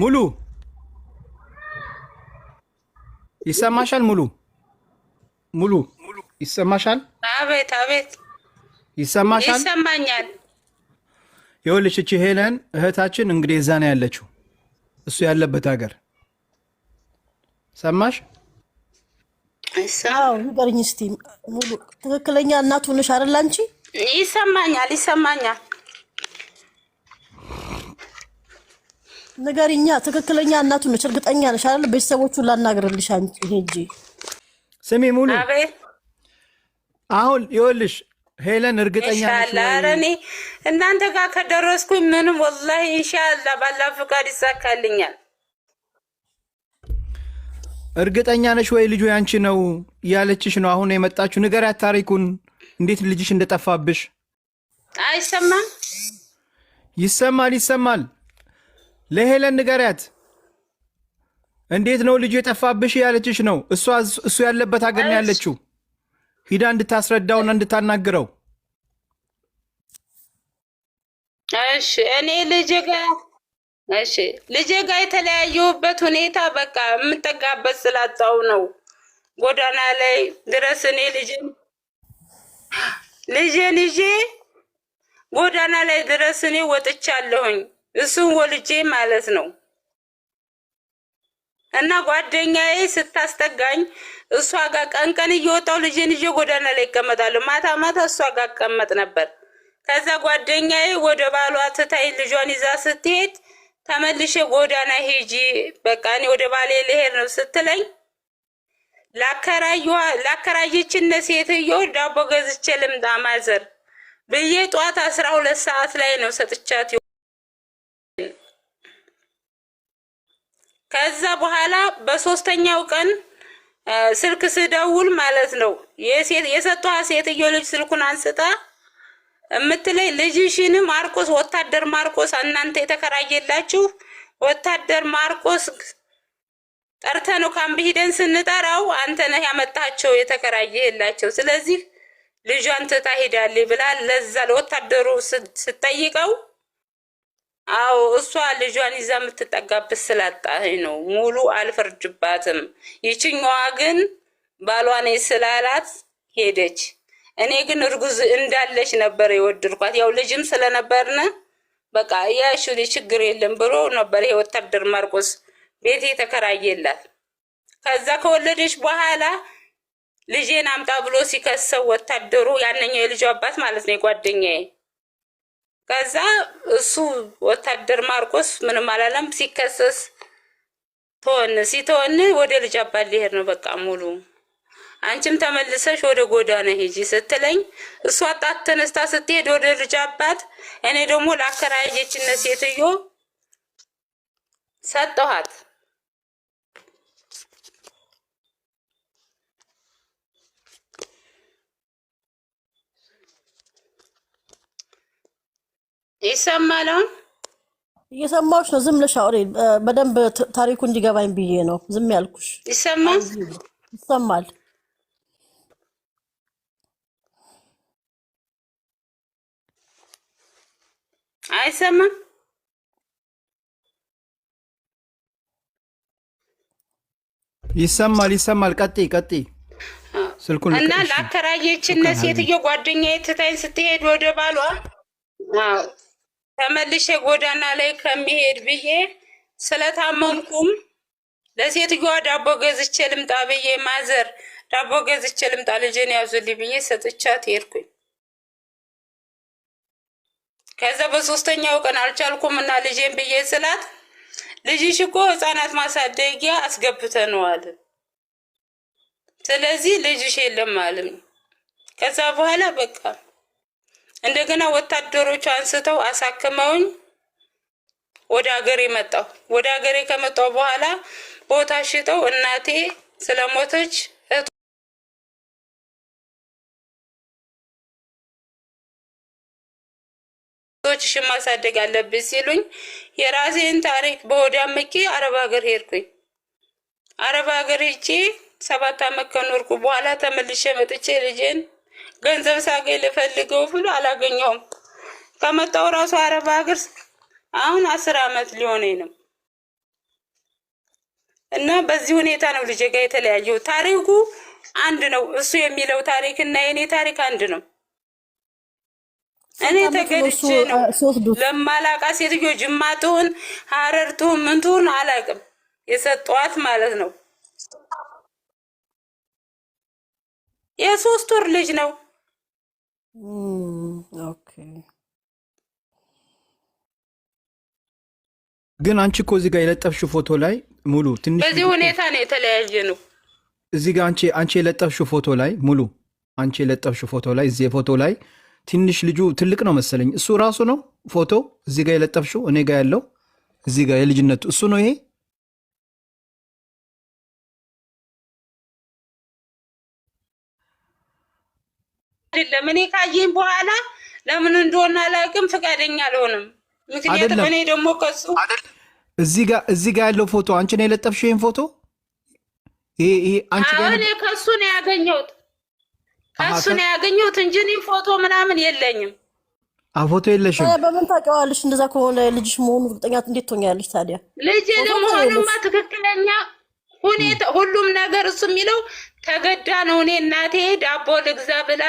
ሙሉ ይሰማሻል? ሙሉ ሙሉ ይሰማሻል? አቤት አቤት፣ ይሰማሻል? ይሰማኛል። ይኸውልሽ እቺ ሄለን እህታችን እንግዲህ እዛ ነው ያለችው፣ እሱ ያለበት ሀገር። ሰማሽ? እስኪ ሙሉ፣ ትክክለኛ እናቱ ነሽ አይደል አንቺ? ይሰማኛል፣ ይሰማኛል ንገሪኛ። ትክክለኛ እናቱ ነች፣ እርግጠኛ ነሽ አይደል? ቤተሰቦቹን ላናግርልሽ አንቺ ስሚ ሙሉ አሁን ይኸውልሽ ሄለን እርግጠኛ እኔ እናንተ ጋር ከደረስኩኝ ምንም ወላሂ ኢንሻላ ባላ ፍቃድ ይሳካልኛል። እርግጠኛ ነሽ ወይ ልጁ ያንቺ ነው እያለችሽ ነው አሁን የመጣችሁ? ንገሪያት ታሪኩን፣ እንዴት ልጅሽ እንደጠፋብሽ። አይሰማም? ይሰማል፣ ይሰማል ለሄለን ንገሪያት እንዴት ነው ልጁ የጠፋብሽ ያለችሽ ነው። እሱ ያለበት ሀገር ነው ያለችው። ሂዳ እንድታስረዳውና እንድታናግረው። እሺ እኔ ልጅ ጋ እሺ ልጅ ጋ የተለያዩበት ሁኔታ በቃ የምጠጋበት ስላጣው ነው። ጎዳና ላይ ድረስ እኔ ልጄን ልጄን ይዤ ጎዳና ላይ ድረስ እኔ ወጥቻለሁኝ። እሱን ወልጄ ማለት ነው። እና ጓደኛዬ ስታስጠጋኝ እሷ ጋር ቀን ቀን እየወጣው ልጄን ይዤ ጎዳና ላይ ይቀመጣሉ። ማታ ማታ እሷ ጋር ቀመጥ ነበር። ከዛ ጓደኛዬ ወደ ባሏ ትታይ ልጇን ይዛ ስትሄድ ተመልሼ ጎዳና ሄጂ በቃ እኔ ወደ ባሌ ልሄድ ነው ስትለኝ ላከራየችን ሴትዮ ዳቦ ገዝቼ ልምጣ ማዘር ብዬ ጧት አስራ ሁለት ሰዓት ላይ ነው ሰጥቻት ከዛ በኋላ በሶስተኛው ቀን ስልክ ስደውል ማለት ነው የሰጧ ሴትዮ ልጅ ስልኩን አንስታ የምትለኝ ልጅሽን ማርቆስ ወታደር ማርቆስ እናንተ የተከራየላችሁ ወታደር ማርቆስ ጠርተ ነው ካምፕ ሂደን ስንጠራው አንተ ነህ ያመጣቸው የተከራየላቸው። ስለዚህ ልጇን ትታ ሄዳል ብላ ለዛ ለወታደሩ ስትጠይቀው አዎ እሷ ልጇን ይዛ የምትጠጋበት ስላጣኝ ነው። ሙሉ አልፈርጅባትም። ይችኛዋ ግን ባሏኔ ስላላት ሄደች። እኔ ግን እርጉዝ እንዳለች ነበር የወደድኳት። ያው ልጅም ስለነበርን በቃ ያሹ ችግር የለም ብሎ ነበር የወታደር ማርቆስ ቤት የተከራየላት። ከዛ ከወለደች በኋላ ልጄን አምጣ ብሎ ሲከሰው ወታደሩ፣ ያነኛው የልጅ አባት ማለት ነው የጓደኛዬ ከዛ እሱ ወታደር ማርቆስ ምንም አላለም። ሲከሰስ ተወን ሲተወን ወደ ልጅ አባት ሊሄድ ነው በቃ ሙሉ አንቺም ተመልሰሽ ወደ ጎዳና ሂጂ ስትለኝ እሷ ጣት ተነስታ ስትሄድ ወደ ልጅ አባት፣ እኔ ደግሞ ላከራየችነት ሴትዮ ሰጠኋት። ይሰማል። እየሰማሁሽ ነው። ዝም ብለሽ አውሪ። በደንብ ታሪኩ እንዲገባኝ ብዬ ነው ዝም ያልኩሽ። ይሰማል፣ ይሰማል። አይሰማም። ይሰማል፣ ይሰማል። ቀጥይ፣ ቀጥይ። ስልኩን እና ላከራየችን ሴትዮ ጓደኛዬ ትታኝ ስትሄድ ወደ ባሏ ተመልሼ ጎዳና ላይ ከሚሄድ ብዬ ስለታመምኩም ለሴትዮዋ ዳቦ ገዝቼ ልምጣ ብዬ ማዘር ዳቦ ገዝቼ ልምጣ ልጅን ያዙልኝ ብዬ ሰጥቻት ሄድኩኝ። ከዛ በሶስተኛው ቀን አልቻልኩም እና ልጄን ብዬ ስላት ልጅሽ እኮ ሕፃናት ማሳደጊያ አስገብተነዋል፣ ስለዚህ ልጅሽ የለም አለም። ከዛ በኋላ በቃ እንደገና ወታደሮቹ አንስተው አሳክመውኝ ወደ ሀገሬ መጣሁ። ወደ ሀገሬ ከመጣሁ በኋላ ቦታ ሽጠው እናቴ ስለሞተች እህቶችሽን ማሳደግ አለብኝ ሲሉኝ የራሴን ታሪክ በሆዴ አምቄ አረብ ሀገር ሄድኩኝ። አረብ ሀገር ሄጄ ሰባት አመት ከኖርኩ በኋላ ተመልሼ መጥቼ ልጄን ገንዘብ ሳገኝ ልፈልገው ብሎ አላገኘውም። ከመጣው ራሱ አረብ ሀገር አሁን አስር አመት ሊሆነኝ ነው። እና በዚህ ሁኔታ ነው ልጄ ጋር የተለያየው። ታሪኩ አንድ ነው። እሱ የሚለው ታሪክ እና የኔ ታሪክ አንድ ነው። እኔ ተገድጄ ነው ለማላቃ ሴትዮ ጅማ ትሁን ሀረር ትሁን ምን ትሁን አላቅም የሰጠዋት ማለት ነው የሶስት ወር ልጅ ነው። ግን አንቺ እኮ እዚህ ጋር የለጠፍሽው ፎቶ ላይ ሙሉ ትንሽ በዚህ ሁኔታ ነው የተለያየ ነው። እዚህ ጋር አንቺ አንቺ የለጠፍሽው ፎቶ ላይ ሙሉ አንቺ የለጠፍሽው ፎቶ ላይ እዚህ የፎቶ ላይ ትንሽ ልጁ ትልቅ ነው መሰለኝ። እሱ ራሱ ነው ፎቶ እዚህ ጋር የለጠፍሽው እኔ ጋር ያለው እዚህ ጋር የልጅነቱ እሱ ነው ይሄ አይደለም። እኔ ካየኝ በኋላ ለምን እንደሆነ አላውቅም፣ ፍቃደኛ አልሆንም። ምክንያቱም እኔ ደግሞ ከሱ እዚህ ጋር እዚህ ጋር ያለው ፎቶ አንቺ ነው የለጠፍሽው? ይህን ፎቶ ይሄ እኔ ከሱ ነው ያገኘሁት፣ ከሱ ነው ያገኘሁት እንጂ እኔ ፎቶ ምናምን የለኝም። አዎ ፎቶ የለሽም። በምን ታውቂዋለሽ? እንደዛ ከሆነ ልጅሽ መሆኑ እርግጠኛ እንዴት ትሆኛለሽ ታዲያ? ልጅ ደግሞ ለመሆኑማ ትክክለኛ ሁኔታ ሁሉም ነገር እሱ የሚለው ተገዳ ነው። እኔ እናቴ ዳቦ ልግዛ ብላ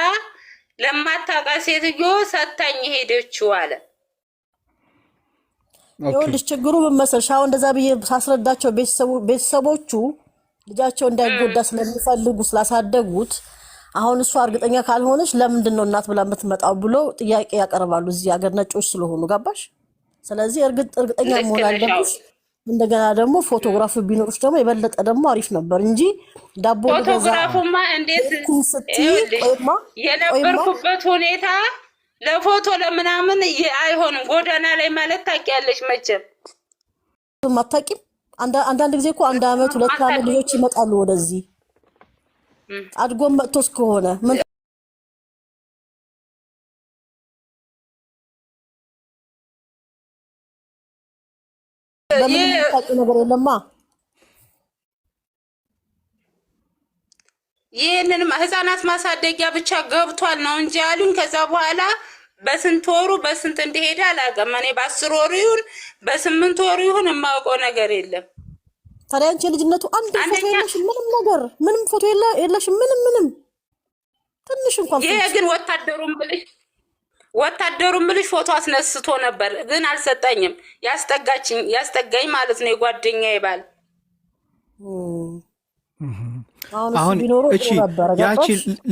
ለማታውቃ ሴትዮ ሰታኝ ሄደችው አለ። ይኸውልሽ ችግሩ ምን መሰልሽ፣ አሁን እንደዛ ብዬ ሳስረዳቸው ቤተሰቦቹ ልጃቸው እንዳይጎዳ ስለሚፈልጉ ስላሳደጉት፣ አሁን እሷ እርግጠኛ ካልሆነች ለምንድን ነው እናት ብላ የምትመጣው ብሎ ጥያቄ ያቀርባሉ። እዚህ ሀገር ነጮች ስለሆኑ ገባሽ። ስለዚህ እርግጠኛ መሆን አለብሽ። እንደገና ደግሞ ፎቶግራፍ ቢኖሮች ደግሞ የበለጠ ደግሞ አሪፍ ነበር እንጂ ዳቦ ፎቶግራፉማ እንዴት የነበርኩበት ሁኔታ ለፎቶ ለምናምን አይሆንም። ጎዳና ላይ ማለት ታውቂያለሽ መቼም አታውቂም። አንዳንድ ጊዜ እኮ አንድ አመት ሁለት አመት ልጆች ይመጣሉ ወደዚህ አድጎም መጥቶ እስከሆነ ምን በምን ነገር የለማ። ይህንንም ህፃናት ማሳደጊያ ብቻ ገብቷል ነው እንጂ አሉኝ። ከዛ በኋላ በስንት ወሩ በስንት እንደሄደ አላውቅም። እኔ በአስር ወሩ ይሁን በስምንት ወሩ ይሁን የማውቀው ነገር የለም። ታዲያ አንቺ የልጅነቱ አንድ ፎቶ የለሽ፣ ምንም ነገር ምንም ፎቶ የለሽ፣ ምንም ምንም ትንሽ እንኳን ይሄ ግን ወታደሩም ብልሽ ወታደሩ ምልሽ ፎቶ አስነስቶ ነበር ግን አልሰጠኝም። ያስጠጋችኝ ያስጠጋኝ ማለት ነው የጓደኛዬ ባል። አሁን እቺ ያቺ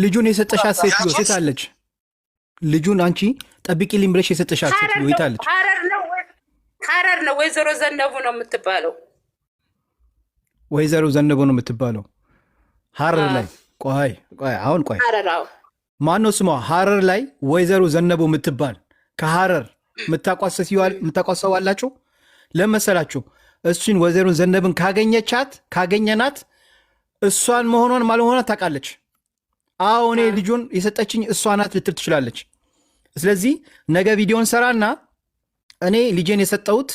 ልጁን የሰጠሻት ሴትዮ ሴት አለች። ልጁን አንቺ ጠብቂልኝ ብለሽ የሰጠሻት ሴትዮ የት አለች? ሀረር ነው ወይዘሮ ዘነቡ ነው የምትባለው። ወይዘሮ ዘነቡ ነው የምትባለው ሀረር ላይ ቆይ ቆይ አሁን ቆይ ማነው ስሟ? ሀረር ላይ ወይዘሮ ዘነቦ የምትባል ከሀረር የምታቋሰዋላችሁ ለመሰላችሁ እሱን ወይዘሮ ዘነብን ካገኘቻት ካገኘናት እሷን መሆኗን ማለሆኗ ታውቃለች። አዎ እኔ ልጁን የሰጠችኝ እሷ ናት ልትል ትችላለች። ስለዚህ ነገ ቪዲዮን ሰራና እኔ ልጄን የሰጠሁት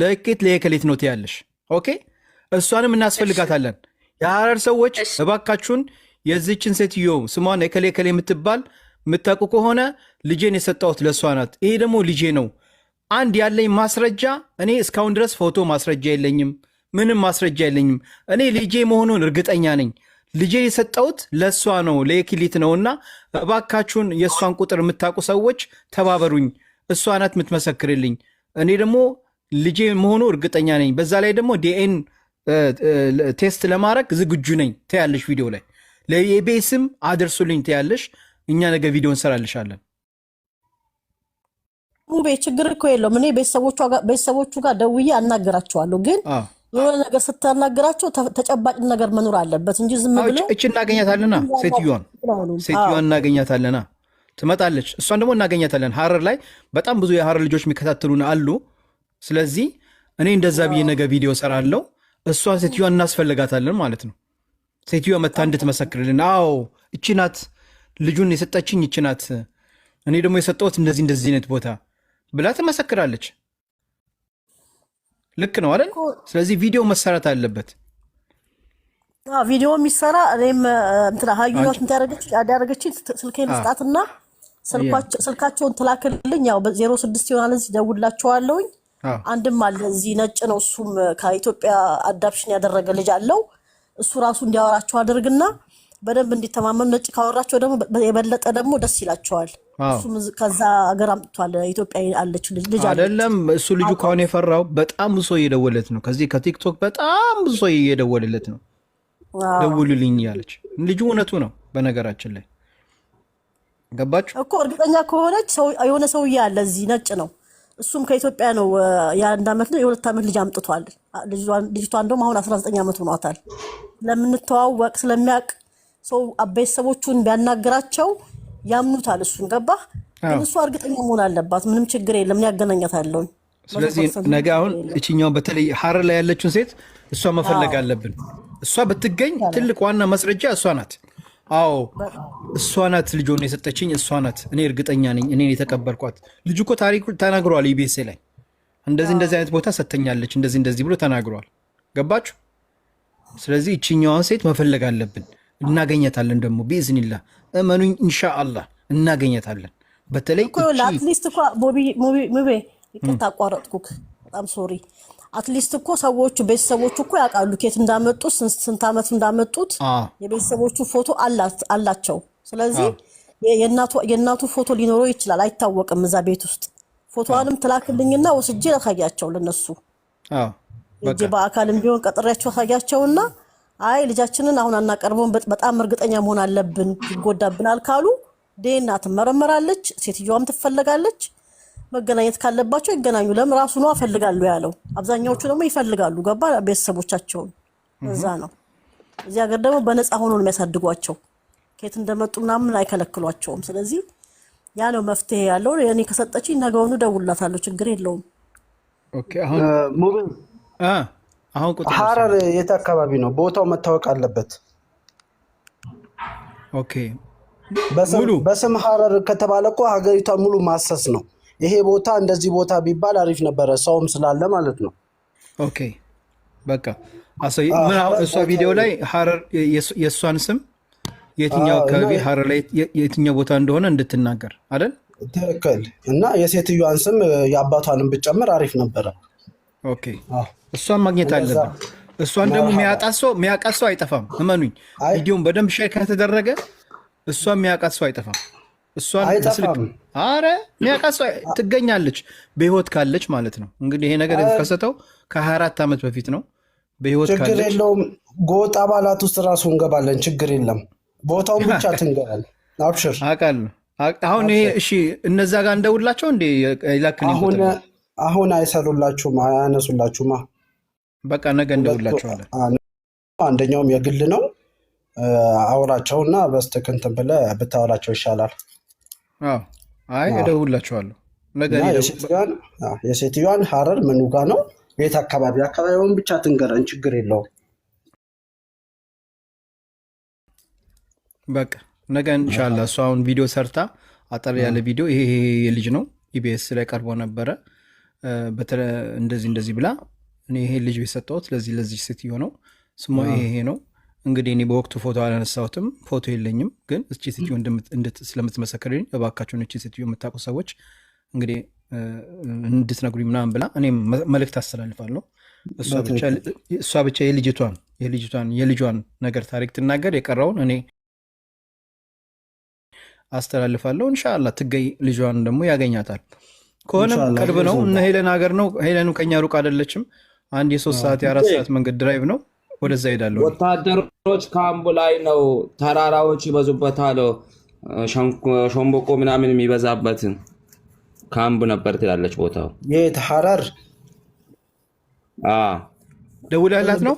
ለእኬት ለየከሌት ነው ትያለሽ። ኦኬ እሷንም እናስፈልጋታለን። የሀረር ሰዎች እባካችሁን የዚችን ሴትዮ ስሟን እከሌ እከሌ የምትባል የምታውቁ ከሆነ ልጄን የሰጠሁት ለእሷ ናት፣ ይሄ ደግሞ ልጄ ነው። አንድ ያለኝ ማስረጃ እኔ እስካሁን ድረስ ፎቶ ማስረጃ የለኝም፣ ምንም ማስረጃ የለኝም። እኔ ልጄ መሆኑን እርግጠኛ ነኝ። ልጄን የሰጠሁት ለእሷ ነው፣ ነው እና እባካችሁን የእሷን ቁጥር የምታውቁ ሰዎች ተባበሩኝ። እሷ ናት የምትመሰክርልኝ። እኔ ደግሞ ልጄ መሆኑ እርግጠኛ ነኝ። በዛ ላይ ደግሞ ዲኤን ቴስት ለማድረግ ዝግጁ ነኝ። ተያለሽ ቪዲዮ ላይ ለኢቢኤስም አድርሱልኝ ትያለሽ። እኛ ነገ ቪዲዮ እንሰራልሻለን። ሩቤ ችግር እኮ የለውም። እኔ ቤተሰቦቹ ጋር ደውዬ አናገራቸዋለሁ። ግን የሆነ ነገር ስታናገራቸው ተጨባጭ ነገር መኖር አለበት እንጂ ዝም ብሎ እች እናገኛታለና ሴትዮዋን ሴትዮዋን እናገኛታለና ትመጣለች። እሷን ደግሞ እናገኛታለን። ሀረር ላይ በጣም ብዙ የሀረር ልጆች የሚከታተሉን አሉ። ስለዚህ እኔ እንደዛ ብዬ ነገ ቪዲዮ ሰራለው። እሷን ሴትዮዋን እናስፈልጋታለን ማለት ነው። ሴትዮ መታ እንድትመሰክርልን፣ አዎ እቺ ናት ልጁን የሰጠችኝ እቺ ናት፣ እኔ ደግሞ የሰጠሁት እንደዚህ እንደዚህ አይነት ቦታ ብላ ትመሰክራለች። ልክ ነው አለን። ስለዚህ ቪዲዮ መሰራት አለበት። ቪዲዮ የሚሰራ እኔም እንትና ሀዩናት እንዳደረገች ስልኬን ስጣትና ስልካቸውን ትላክልኝ። ያው ዜሮ ስድስት ይሆናል እዚህ ደውላቸዋለውኝ። አንድም አለ እዚህ ነጭ ነው፣ እሱም ከኢትዮጵያ አዳፕሽን ያደረገ ልጅ አለው እሱ ራሱ እንዲያወራቸው አድርግና በደንብ እንዲተማመኑ ነጭ ካወራቸው ደግሞ የበለጠ ደግሞ ደስ ይላቸዋል። እሱም ከዛ ሀገር አምጥቷል። ኢትዮጵያ አለች ልጅ አይደለም እሱ ልጁ ከሆነ የፈራው በጣም ብሶ እየደወለት ነው። ከዚህ ከቲክቶክ በጣም ብሶ እየደወለለት ነው። ደውሉልኝ ያለች ልጁ እውነቱ ነው። በነገራችን ላይ ገባችሁ እኮ እርግጠኛ ከሆነች የሆነ ሰውዬ አለ እዚህ ነጭ ነው እሱም ከኢትዮጵያ ነው። የአንድ ዓመት ነው የሁለት ዓመት ልጅ አምጥቷል። ልጅቷ እንደውም አሁን አስራ ዘጠኝ ዓመት ሆኗታል። ለምንተዋወቅ ስለሚያውቅ ሰው ቤተሰቦቹን ቢያናግራቸው ያምኑታል። እሱን ገባ ግን እሱ እርግጠኛ መሆን አለባት። ምንም ችግር የለም ያገናኛታለሁ። ስለዚህ ነገ አሁን እችኛውን በተለይ ሀረር ላይ ያለችውን ሴት እሷ መፈለግ አለብን። እሷ ብትገኝ ትልቅ ዋና ማስረጃ እሷ ናት። አዎ እሷ ናት ልጆን የሰጠችኝ እሷ ናት። እኔ እርግጠኛ ነኝ። እኔ የተቀበልኳት ልጁ እኮ ታሪኩ ተናግሯል። ኢቢኤስ ላይ እንደዚህ እንደዚህ አይነት ቦታ ሰተኛለች እንደዚህ እንደዚህ ብሎ ተናግሯል። ገባችሁ? ስለዚህ እችኛዋን ሴት መፈለግ አለብን። እናገኘታለን ደግሞ ቢዝኒላ እመኑኝ፣ እንሻአላ እናገኘታለን። በተለይ አትሊስት ሙቤ ይቅርታ አቋረጥኩክ፣ በጣም ሶሪ አትሊስት እኮ ሰዎቹ ቤተሰቦቹ እኮ ያውቃሉ ኬት እንዳመጡት ስንት ዓመት እንዳመጡት የቤተሰቦቹ ፎቶ አላቸው። ስለዚህ የእናቱ ፎቶ ሊኖረው ይችላል፣ አይታወቅም። እዛ ቤት ውስጥ ፎቶዋንም ትላክልኝና ወስጄ ላሳያቸው ለነሱ እጅ በአካልም ቢሆን ቀጥሬያቸው አሳያቸውና አይ ልጃችንን አሁን አናቀርበውን በጣም እርግጠኛ መሆን አለብን ይጎዳብናል ካሉ ዴና ትመረመራለች፣ ሴትዮዋም ትፈለጋለች። መገናኘት ካለባቸው ይገናኙ። ለምን ራሱ ነው እፈልጋለሁ ያለው። አብዛኛዎቹ ደግሞ ይፈልጋሉ። ገባ ቤተሰቦቻቸውን እዛ ነው። እዚህ ሀገር ደግሞ በነፃ ሆኖ ነው የሚያሳድጓቸው። ከየት እንደመጡ ምናምን አይከለክሏቸውም። ስለዚህ ያ ነው መፍትሄ ያለው። እኔ ከሰጠችኝ ነገውኑ ደውላታለሁ፣ ችግር የለውም። ሀረር የት አካባቢ ነው? ቦታው መታወቅ አለበት። በስም ሀረር ከተባለ እኮ ሙሉ ማሰስ ነው። ይሄ ቦታ እንደዚህ ቦታ ቢባል አሪፍ ነበረ፣ ሰውም ስላለ ማለት ነው። ኦኬ በቃ እሷ ቪዲዮ ላይ ሀረር የእሷን ስም የትኛው አካባቢ ሐረር ላይ የትኛው ቦታ እንደሆነ እንድትናገር አይደል? ትክክል። እና የሴትዮዋን ስም የአባቷንም ብጨምር አሪፍ ነበረ። ኦኬ እሷን ማግኘት አለብን። እሷን ደግሞ የሚያውቃት ሰው የሚያውቃት ሰው አይጠፋም። እመኑኝ፣ ቪዲዮን በደንብ ሼር ከተደረገ እሷ የሚያውቃት ሰው አይጠፋም። እሷን ስልክ አረ ሚያቃሷ ትገኛለች በህይወት ካለች ማለት ነው። እንግዲህ ይሄ ነገር የተከሰተው ከ24 ዓመት በፊት ነው። በህይወት ችግር የለውም። ጎጥ አባላት ውስጥ ራሱ እንገባለን። ችግር የለም። ቦታውን ብቻ ትንገራል። አብሽር አውቃለሁ። አሁን ይሄ እሺ፣ እነዛ ጋር እንደውላቸው እንዴ ይላክልኝ። አሁን አሁን አይሰሩላችሁም፣ አያነሱላችሁማ። በቃ ነገ እንደውላቸዋለን። አንደኛውም የግል ነው። አውራቸውና በስተክንትን ብለ ብለህ ብታወራቸው ይሻላል። አይ እደውላችኋለሁ። የሴትዮዋን ሀረር ምኑ ጋ ነው? የት አካባቢ? አካባቢውን ብቻ ትንገረን፣ ችግር የለውም። በቃ ነገ እንሻላ። እሱ አሁን ቪዲዮ ሰርታ አጠር ያለ ቪዲዮ ይሄ የልጅ ነው ኢቢኤስ ላይ ቀርቦ ነበረ። እንደዚህ እንደዚህ ብላ እኔ ይሄ ልጅ የሰጠሁት ለዚህ ለዚህ ሴትዮ ነው ስሟ ይሄ ነው እንግዲህ እኔ በወቅቱ ፎቶ አላነሳሁትም፣ ፎቶ የለኝም። ግን እቺ ሴትዮ ስለምትመሰክርልኝ እባካችሁን እቺ ሴትዮ የምታውቁ ሰዎች እንግዲህ እንድትነግሩኝ ምናምን ብላ እኔም መልእክት አስተላልፋለሁ። እሷ ብቻ የልጅቷን የልጅቷን የልጇን ነገር ታሪክ ትናገር፣ የቀረውን እኔ አስተላልፋለሁ። እንሻላ ትገኝ፣ ልጇን ደግሞ ያገኛታል። ከሆነም ቅርብ ነው፣ እነ ሄለን ሀገር ነው። ሄለኑ ከኛ ሩቅ አይደለችም። አንድ የሶስት ሰዓት የአራት ሰዓት መንገድ ድራይቭ ነው። ወደዛ ሄዳለሁ። ወታደሮች ካምቡ ላይ ነው፣ ተራራዎች ይበዙበታል፣ ሸንቦቆ ምናምን የሚበዛበት ካምቡ ነበር ትላለች ቦታው። የት ሐረር ደውላላት ነው።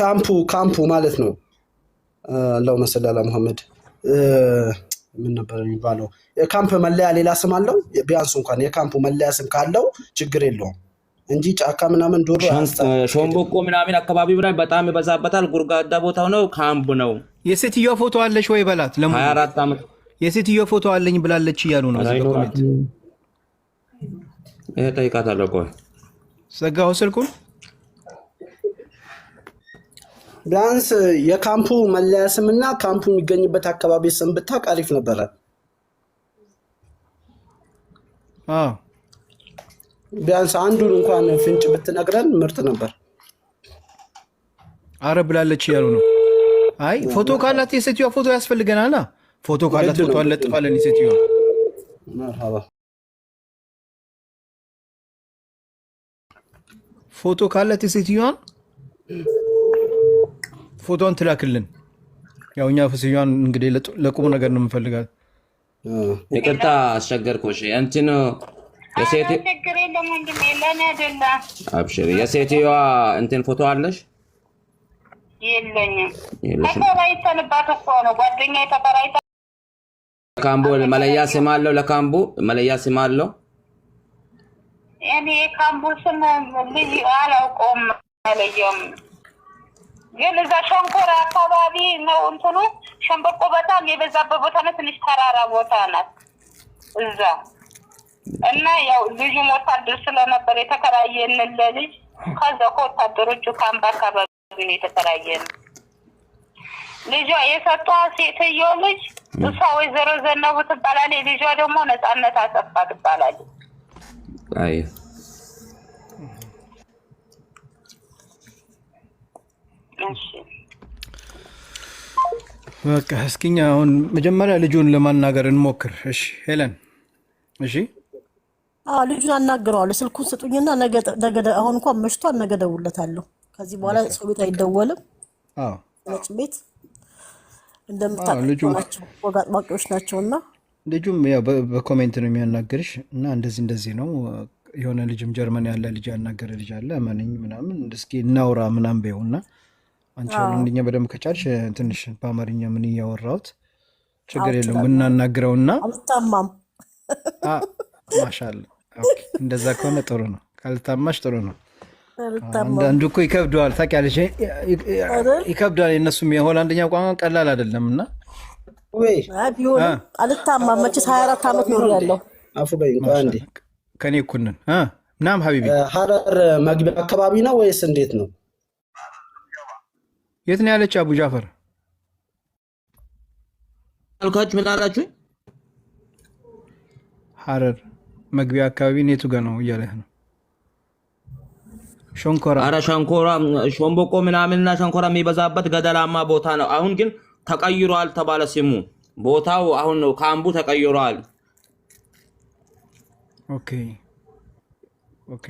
ካምፑ ካምፑ ማለት ነው። አላሁመ ሰሊ ዐላ ሙሐመድ ምን ነበር የሚባለው? የካምፕ መለያ ሌላ ስም አለው? ቢያንስ እንኳን የካምፑ መለያ ስም ካለው ችግር የለውም። እንጂ ጫካ ምናምን ዶሮ ሾምቦቆ ምናምን አካባቢ ላይ በጣም ይበዛበታል። ጉርጋዳ ቦታው ነው፣ ካምፕ ነው። የሴትዮ ፎቶ አለሽ ወይ በላት የሴትዮ ፎቶ አለኝ ብላለች እያሉ ነው። ጠይቃታለሁ። ቆይ ዘጋሁ ስልኩን። ቢያንስ የካምፑ መለያ ስምና ካምፑ የሚገኝበት አካባቢ ስም ብታውቅ አሪፍ ነበረ። ቢያንስ አንዱን እንኳን ፍንጭ ብትነግረን ምርጥ ነበር። አረ ብላለች እያሉ ነው። አይ ፎቶ ካላት የሴትዮዋ ፎቶ ያስፈልገናልና ፎቶ ካላት ፎቶ አለጥፋለን። የሴትዮዋ ፎቶ ካላት የሴትዮዋን ፎቶን ትላክልን። ያው እኛ ሴትዮዋን እንግዲህ ለቁም ነገር ነው የምንፈልጋት። ይቅርታ አስቸገርኩሽ እንትን አብሽሪ። የሴትዮዋ እንትን ፎቶ አለሽ? የለኝም። ተከራይተንባት መለያ ስም አለው። ለካምቦ መለያ ስም አለው። እኔ ስም ልጅ አላውቀውም። መለያም ግን እዛ አካባቢ ነው እንትኑ ሸንበቆ በጣም የበዛበት ቦታ ነው። ትንሽ ተራራ ቦታ ናት እዛ እና ያው ልጁም ወታደር ስለነበር የተከራየንን ለልጅ ከዛ ከወታደሮቹ ከአምባ አካባቢ ነው የተከራየን። ልጇ የሰጧ ሴትዮ ልጅ እሷ ወይዘሮ ዘነቡ ትባላለች። ልጇ ደግሞ ነጻነት አሰፋ ትባላለች። በቃ እስኪኛ አሁን መጀመሪያ ልጁን ለማናገር እንሞክር። እሺ ሄለን፣ እሺ ልጁን አናግረዋለሁ። ስልኩን ስጡኝና ነገደ አሁን እንኳን መሽቷል፣ ነገ እደውልለታለሁ። ከዚህ በኋላ ሰው ቤት አይደወልም። ነጭ ቤት እንደምታውቃቸው ወግ አጥባቂዎች ናቸውና ልጁም ያው በኮሜንት ነው የሚያናግርሽ እና እንደዚህ እንደዚህ ነው የሆነ ልጅም ጀርመን ያለ ልጅ ያናገረ ልጅ አለ መንኝ ምናምን እስኪ እናውራ ምናምን እና አንቺ አንደኛ በደንብ ከቻልሽ ትንሽ በአማርኛ ምን እያወራሁት ችግር የለውም ብናናግረውና አልታማም ማሻለሁ እንደዛ ከሆነ ጥሩ ነው። ካልታማሽ ጥሩ ነው። አንዳንዱ እኮ ይከብደዋል፣ ታውቂያለሽ፣ ይከብደዋል። የእነሱም የሆላንደኛ ቋንቋ ቀላል አይደለም እና አልታማም። መቼስ ሀያ አራት ዓመት ኖር ያለው ከኔ እኩልን ምናምን ሀቢቢ ሀረር መግቢያ አካባቢ ነው ወይስ እንዴት ነው? የት ነው ያለች? አቡ ጃፈር አልኳችሁ። ምን አላችሁ? ሀረር መግቢያ አካባቢ ኔቱ ጋ ነው እያለህ ነው። ሸንኮራ ኧረ ሸንኮራ ሾምቦቆ ምናምንና ሸንኮራ የሚበዛበት ገደላማ ቦታ ነው። አሁን ግን ተቀይሯል ተባለ ስሙ ቦታው አሁን ነው ከአምቡ ተቀይሯል። ኦኬ ኦኬ።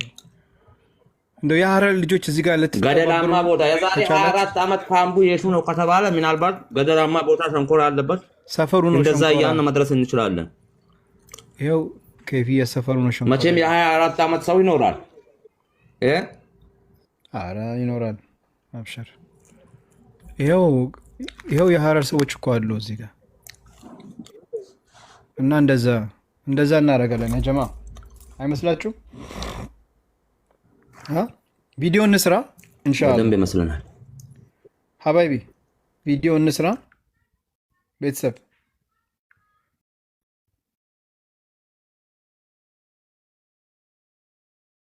እንደው የሀረር ልጆች እዚህ ጋር ለት ገደላማ ቦታ የዛሬ 24 ዓመት ከአምቡ የሱ ነው ከተባለ ምናልባት ገደላማ ቦታ ሸንኮራ አለበት ሰፈሩ ነው። እንደዛ እያልን መድረስ እንችላለን። ይኸው ከፊ የሰፈሩ ነው። መቼም የሀያ አራት ዓመት ሰው ይኖራል ይኖራል። አብሽር ይኸው የሀረር ሰዎች እኮ አሉ እዚህ ጋር እና እንደዛ እንደዛ እናደርጋለን። ጀማ አይመስላችሁ? ቪዲዮ እንስራ ኢንሻላህ ይመስለናል። ሀባይቢ ቪዲዮ እንስራ ቤተሰብ